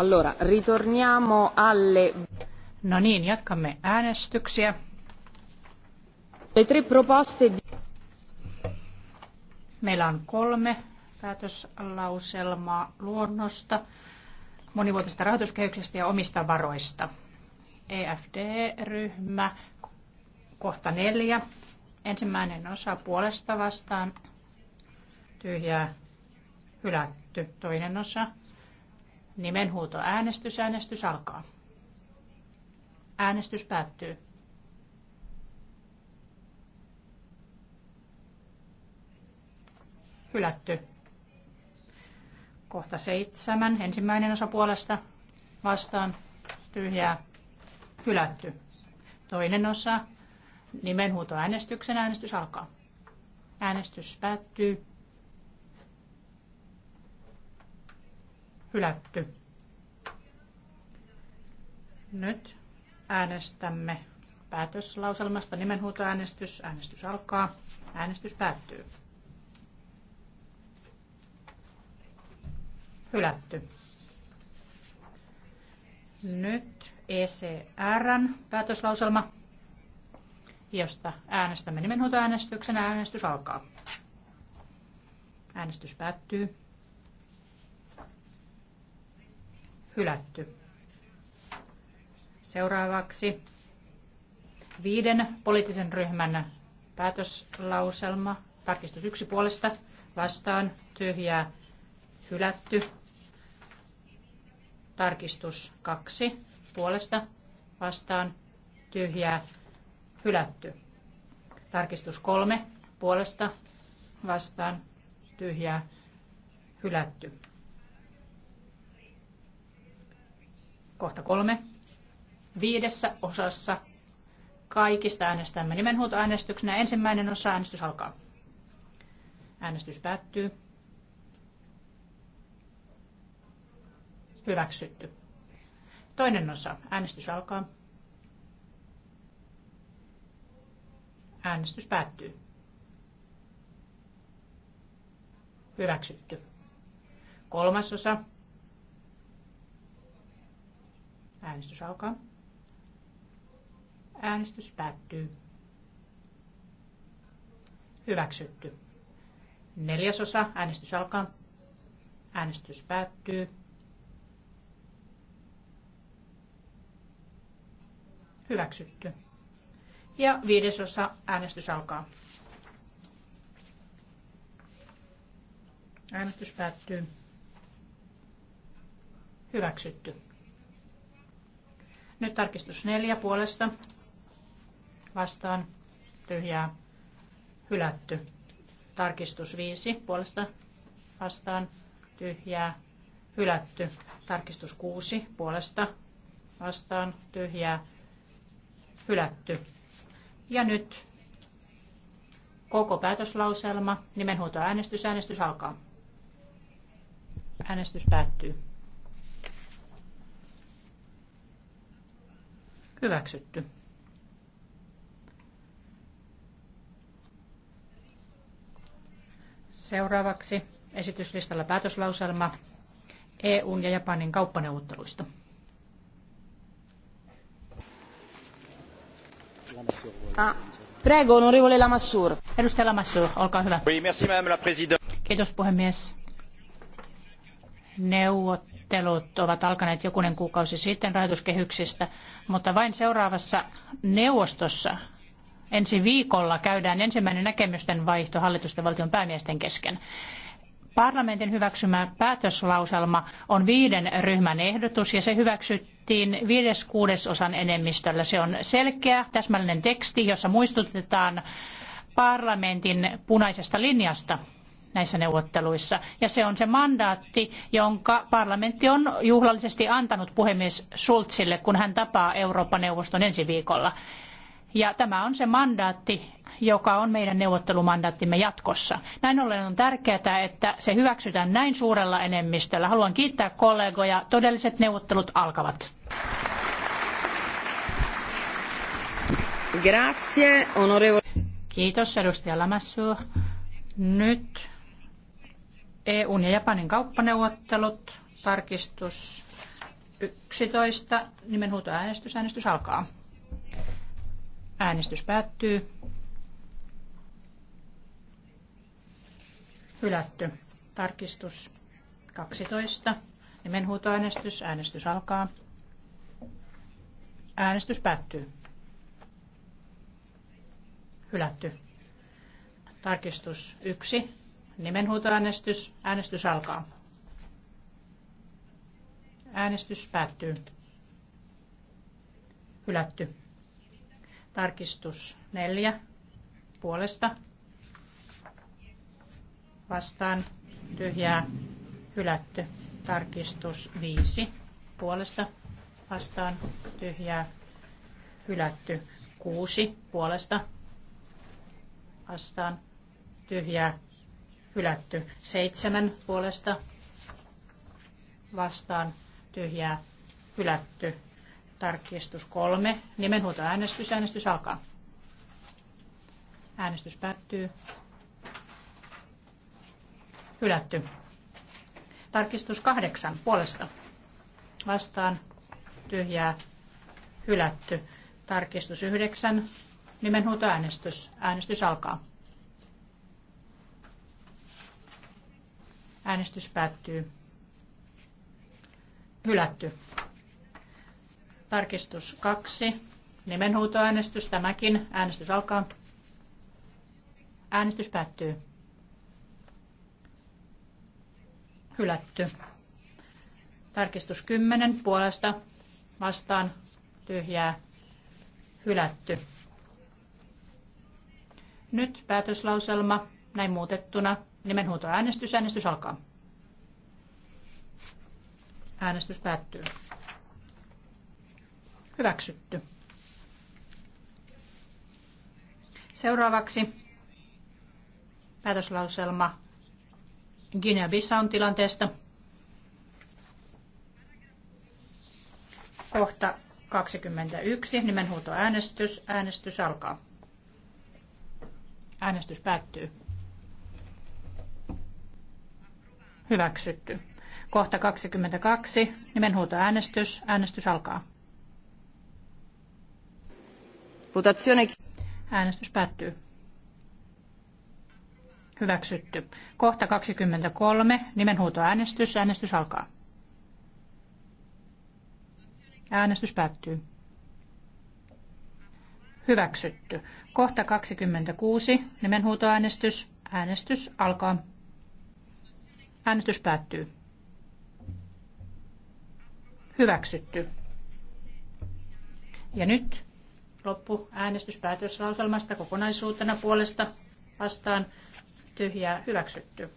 Allora, ritorniamo alle... No niin, jatkamme äänestyksiä. Le tre proposte... Meillä on kolme päätöslauselmaa luonnosta, monivuotisesta rahoituskehyksestä ja omista varoista. EFD-ryhmä, kohta neljä, ensimmäinen osa puolesta vastaan, tyhjää, hylätty, toinen osa Nimenhuuto äänestys. Äänestys alkaa. Äänestys päättyy. Hylätty. Kohta seitsemän. Ensimmäinen osa puolesta vastaan tyhjää. Hylätty. Toinen osa. Nimenhuuto äänestyksen. Äänestys alkaa. Äänestys päättyy. hylätty. Nyt äänestämme päätöslauselmasta nimenhuutoäänestys. Äänestys alkaa. Äänestys päättyy. Hylätty. Nyt ECRn päätöslauselma, josta äänestämme nimenhuutoäänestyksen. Äänestys alkaa. Äänestys päättyy. hylätty. Seuraavaksi viiden poliittisen ryhmän päätöslauselma, tarkistus yksi puolesta, vastaan, tyhjää, hylätty. Tarkistus kaksi puolesta, vastaan, tyhjää, hylätty. Tarkistus kolme puolesta, vastaan, tyhjää, hylätty. Kohta kolme. Viidessä osassa kaikista äänestämme nimenhuutoäänestyksenä. Ensimmäinen osa äänestys alkaa. Äänestys päättyy. Hyväksytty. Toinen osa. Äänestys alkaa. Äänestys päättyy. Hyväksytty. Kolmas osa. Äänestys alkaa. Äänestys päättyy. Hyväksytty. Neljäsosa. Äänestys alkaa. Äänestys päättyy. Hyväksytty. Ja viidesosa. Äänestys alkaa. Äänestys päättyy. Hyväksytty. Nyt tarkistus neljä puolesta. Vastaan. Tyhjää. Hylätty. Tarkistus viisi puolesta. Vastaan. Tyhjää. Hylätty. Tarkistus kuusi puolesta. Vastaan. Tyhjää. Hylätty. Ja nyt koko päätöslauselma. Nimenhuuto äänestys. Äänestys alkaa. Äänestys päättyy. Hyväksytty. Seuraavaksi esityslistalla päätöslauselma EUn ja Japanin kauppaneuvotteluista. Ah. Prego, onorevole Lamassur. Edustaja Lamassur, olkaa hyvä. Kiitos puhemies. Neuvot neuvottelut ovat alkaneet jokunen kuukausi sitten rahoituskehyksistä, mutta vain seuraavassa neuvostossa ensi viikolla käydään ensimmäinen näkemysten vaihto hallitusten valtion päämiesten kesken. Parlamentin hyväksymä päätöslauselma on viiden ryhmän ehdotus ja se hyväksyttiin viides kuudesosan enemmistöllä. Se on selkeä, täsmällinen teksti, jossa muistutetaan parlamentin punaisesta linjasta näissä neuvotteluissa. Ja se on se mandaatti, jonka parlamentti on juhlallisesti antanut puhemies Schulzille, kun hän tapaa Eurooppa-neuvoston ensi viikolla. Ja tämä on se mandaatti, joka on meidän neuvottelumandaattimme jatkossa. Näin ollen on tärkeää, että se hyväksytään näin suurella enemmistöllä. Haluan kiittää kollegoja. Todelliset neuvottelut alkavat. Grazie, onorevole. Kiitos, edustaja Lamassu. Nyt EUn ja Japanin kauppaneuvottelut, tarkistus 11, nimenhuutoäänestys, äänestys alkaa. Äänestys päättyy. Hylätty. Tarkistus 12. Nimenhuutoäänestys. Äänestys alkaa. Äänestys päättyy. Hylätty. Tarkistus 1. Nimenhuutoäänestys. Äänestys alkaa. Äänestys päättyy. Hylätty. Tarkistus neljä puolesta. Vastaan tyhjää hylätty. Tarkistus viisi puolesta. Vastaan tyhjää hylätty. kuusi puolesta. Vastaan tyhjää hylätty. Seitsemän puolesta vastaan tyhjää hylätty. Tarkistus kolme. Nimenhuuto äänestys. Äänestys alkaa. Äänestys päättyy. Hylätty. Tarkistus kahdeksan puolesta. Vastaan tyhjää hylätty. Tarkistus yhdeksän. Nimenhuuto äänestys. Äänestys alkaa. Äänestys päättyy. Hylätty. Tarkistus 2. Nimenhuutoäänestys tämäkin. Äänestys alkaa. Äänestys päättyy. Hylätty. Tarkistus 10 puolesta vastaan tyhjää hylätty. Nyt päätöslauselma näin muutettuna Nimenhuuto äänestys. Äänestys alkaa. Äänestys päättyy. Hyväksytty. Seuraavaksi päätöslauselma Guinea-Bissaun tilanteesta. Kohta 21, nimenhuutoäänestys. Äänestys alkaa. Äänestys päättyy. Hyväksytty. Kohta 22. Nimenhuutoäänestys. Äänestys alkaa. Votazione. Äänestys päättyy. Hyväksytty. Kohta 23. Nimenhuutoäänestys. Äänestys alkaa. Äänestys päättyy. Hyväksytty. Kohta 26. Nimenhuutoäänestys. Äänestys alkaa. Äänestys päättyy. Hyväksytty. Ja nyt loppu äänestyspäätöslauselmasta kokonaisuutena puolesta vastaan tyhjää hyväksytty.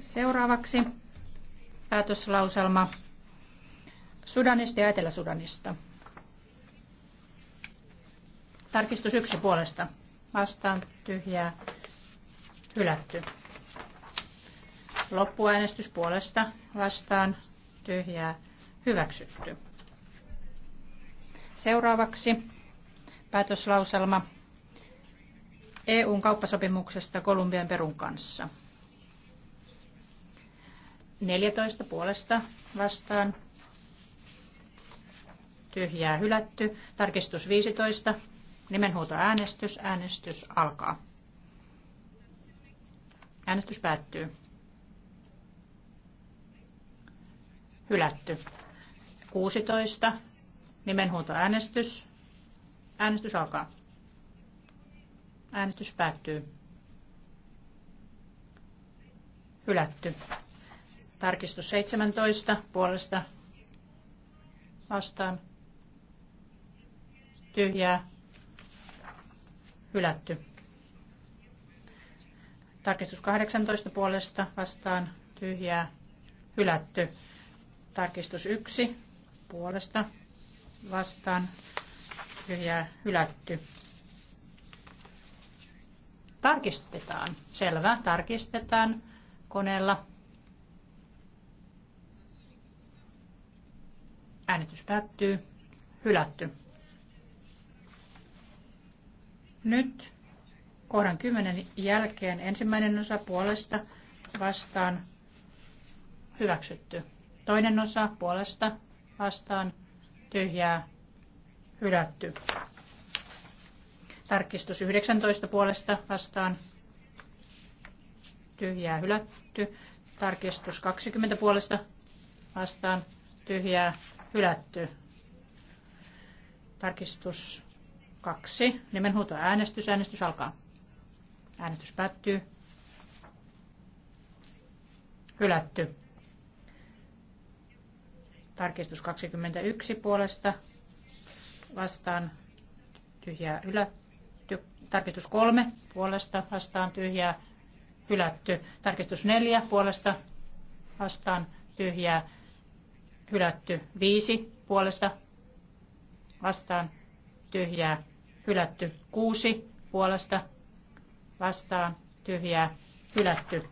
Seuraavaksi päätöslauselma Sudanista ja Etelä-Sudanista. Tarkistus yksi puolesta. Vastaan tyhjää hylätty. Loppuäänestys puolesta vastaan tyhjää hyväksytty. Seuraavaksi päätöslauselma EUn kauppasopimuksesta Kolumbian Perun kanssa. 14 puolesta vastaan tyhjää hylätty. Tarkistus 15. äänestys Äänestys alkaa. Äänestys päättyy. Hylätty. 16. Nimenhuutoäänestys. Äänestys alkaa. Äänestys päättyy. Hylätty. Tarkistus 17. Puolesta. Vastaan. Tyhjää. Hylätty. Tarkistus 18 puolesta vastaan tyhjää, hylätty. Tarkistus yksi puolesta vastaan tyhjää hylätty. Tarkistetaan. Selvä. Tarkistetaan koneella. äänitys päättyy. Hylätty. Nyt kohdan 10 jälkeen ensimmäinen osa puolesta vastaan hyväksytty. Toinen osa puolesta vastaan tyhjää hylätty. Tarkistus 19 puolesta vastaan tyhjää hylätty. Tarkistus 20 puolesta vastaan tyhjää hylätty. Tarkistus 2. Nimenhuuto äänestys. Äänestys alkaa. Äänestys päättyy. Hylätty. Tarkistus 21 puolesta vastaan tyhjää hylätty. Tarkistus 3 puolesta vastaan tyhjää hylätty. Tarkistus 4 puolesta vastaan tyhjää hylätty. 5 puolesta vastaan tyhjää hylätty. 6 puolesta vastaan tyhjää hylätty.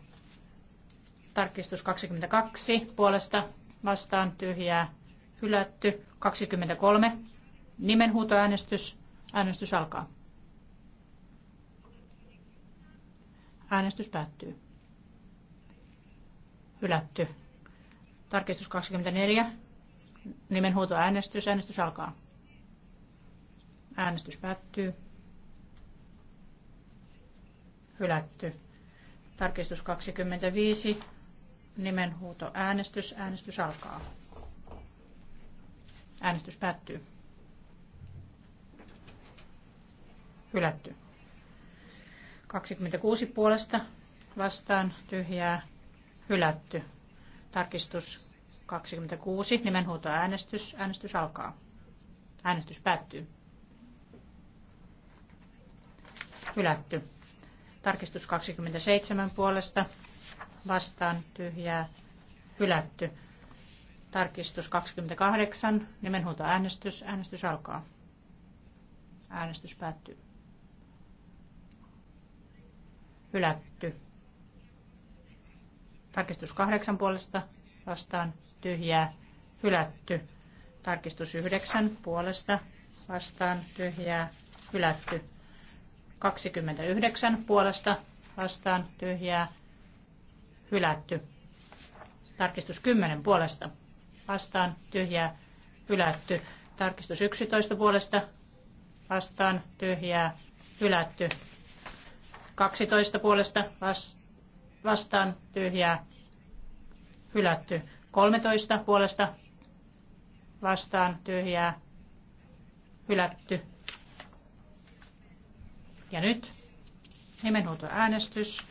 Tarkistus 22 puolesta vastaan tyhjää hylätty. 23. Nimenhuutoäänestys. Äänestys alkaa. Äänestys päättyy. Hylätty. Tarkistus 24. Nimenhuutoäänestys. Äänestys alkaa. Äänestys päättyy. Hylätty. Tarkistus 25. Nimenhuuto äänestys. Äänestys alkaa. Äänestys päättyy. Hylätty. 26 puolesta vastaan tyhjää. Hylätty. Tarkistus 26. Nimenhuuto äänestys. Äänestys alkaa. Äänestys päättyy. Hylätty. Tarkistus 27 puolesta vastaan tyhjää hylätty. Tarkistus 28, nimenhuuto äänestys. Äänestys alkaa. Äänestys päättyy. Hylätty. Tarkistus 8 puolesta vastaan tyhjää hylätty. Tarkistus 9 puolesta vastaan tyhjää hylätty. 29 puolesta vastaan tyhjää hylätty. Tarkistus 10 puolesta vastaan tyhjää hylätty. Tarkistus 11 puolesta vastaan tyhjää hylätty. 12 puolesta vastaan tyhjää hylätty. 13 puolesta vastaan tyhjää hylätty. Ja nyt nimenhuuto äänestys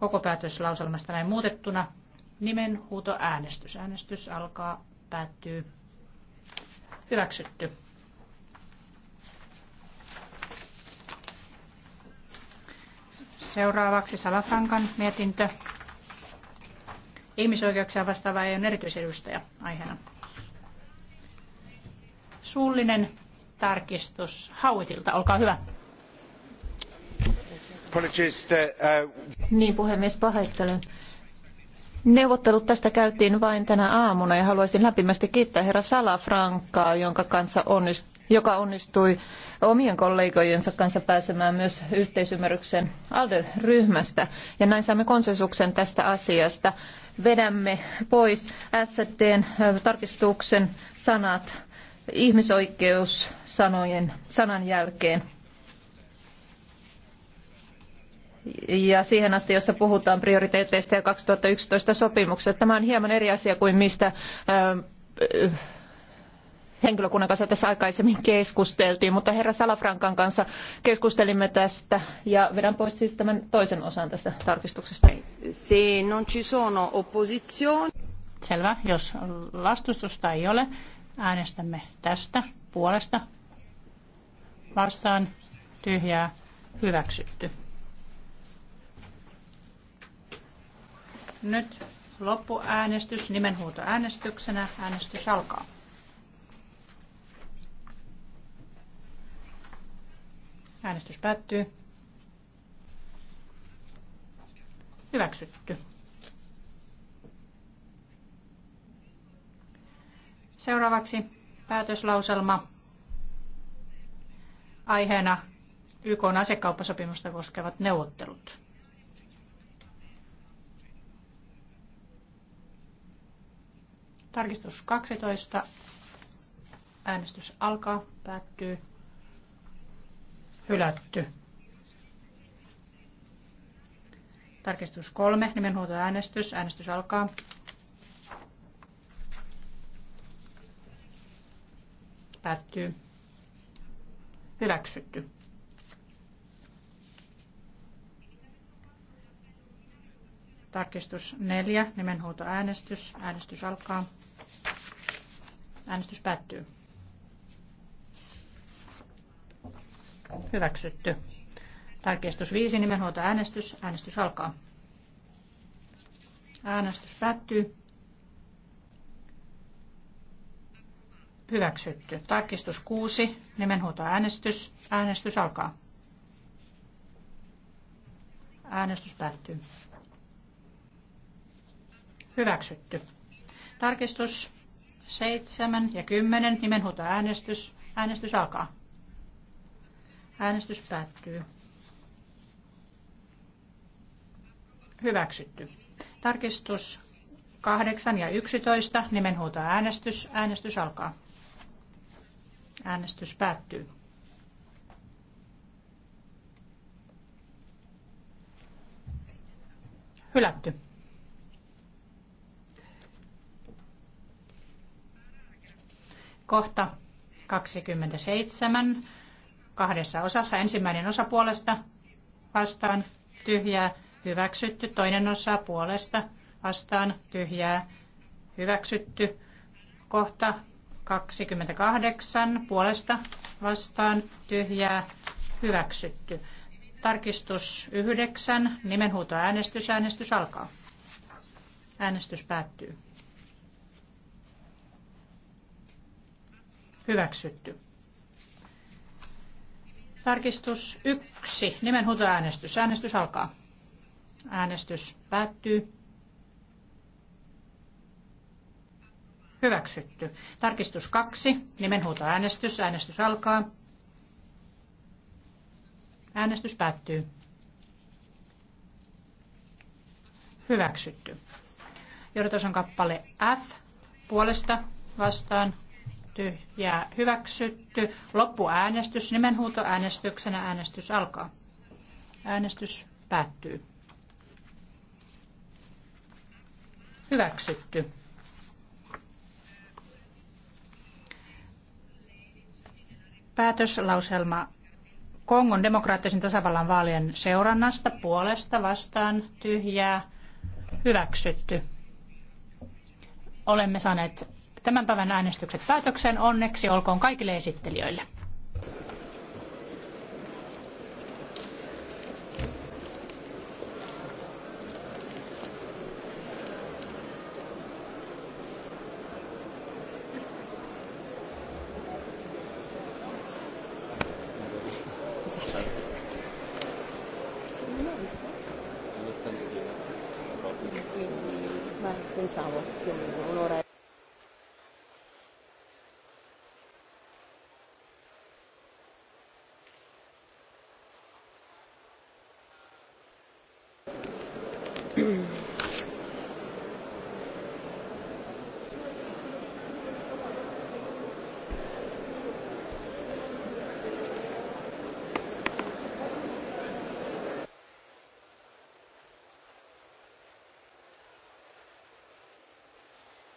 koko päätöslauselmasta näin muutettuna. Nimen huuto äänestys. Äänestys alkaa, päättyy. Hyväksytty. Seuraavaksi Salafrankan mietintö. Ihmisoikeuksia vastaava ole erityisedustaja aiheena. Suullinen tarkistus Hauitilta, olkaa hyvä. Uh, niin puhemies, pahoittelen. Neuvottelut tästä käytiin vain tänä aamuna ja haluaisin lämpimästi kiittää herra Salafrankaa, jonka kanssa onnist, joka onnistui omien kollegojensa kanssa pääsemään myös yhteisymmärryksen ALDE-ryhmästä. Ja näin saamme konsensuksen tästä asiasta. Vedämme pois SDn tarkistuksen sanat ihmisoikeus sanojen, sanan jälkeen. ja siihen asti, jossa puhutaan prioriteetteista ja 2011 sopimuksesta. Tämä on hieman eri asia kuin mistä äh, henkilökunnan kanssa tässä aikaisemmin keskusteltiin, mutta herra Salafrankan kanssa keskustelimme tästä ja vedän pois siis tämän toisen osan tästä tarkistuksesta. Se non ci sono opposizione. Selvä, jos vastustusta ei ole, äänestämme tästä puolesta vastaan tyhjää hyväksytty. Nyt loppuäänestys nimenhuutoäänestyksenä. Äänestys alkaa. Äänestys päättyy. Hyväksytty. Seuraavaksi päätöslauselma aiheena YK asekauppasopimusta koskevat neuvottelut. Tarkistus 12. Äänestys alkaa, päättyy. Hylätty. Tarkistus 3. Nimenhuolto äänestys. Äänestys alkaa. Päättyy. Hyväksytty. Tarkistus neljä, nimenhuutoäänestys. Äänestys alkaa. Äänestys päättyy. Hyväksytty. Tarkistus viisi, nimenhuutoäänestys. Äänestys alkaa. Äänestys päättyy. Hyväksytty. Tarkistus nimenhuuto nimenhuutoäänestys. Äänestys alkaa. Äänestys päättyy. Hyväksytty. Tarkistus 7 ja 10. Nimenhuuto äänestys. Äänestys alkaa. Äänestys päättyy. Hyväksytty. Tarkistus 8 ja 11. Nimenhuuto äänestys. Äänestys alkaa. Äänestys päättyy. Hylätty. Kohta 27 kahdessa osassa. Ensimmäinen osa puolesta vastaan tyhjää hyväksytty. Toinen osa puolesta vastaan tyhjää hyväksytty. Kohta 28 puolesta vastaan tyhjää hyväksytty. Tarkistus 9. Nimenhuutoäänestys. Äänestys alkaa. Äänestys päättyy. Hyväksytty. Tarkistus 1. Nimenhuutoäänestys. Äänestys alkaa. Äänestys päättyy. Hyväksytty. Tarkistus 2. Nimenhuutoäänestys. Äänestys alkaa. Äänestys päättyy. Hyväksytty. Joudutason kappale F puolesta vastaan ja hyväksytty. Loppuäänestys nimenhuutoäänestyksenä äänestys alkaa. Äänestys päättyy. Hyväksytty. Päätöslauselma Kongon demokraattisen tasavallan vaalien seurannasta puolesta vastaan tyhjää hyväksytty. Olemme saaneet tämän päivän äänestykset päätökseen. Onneksi olkoon kaikille esittelijöille. pensavo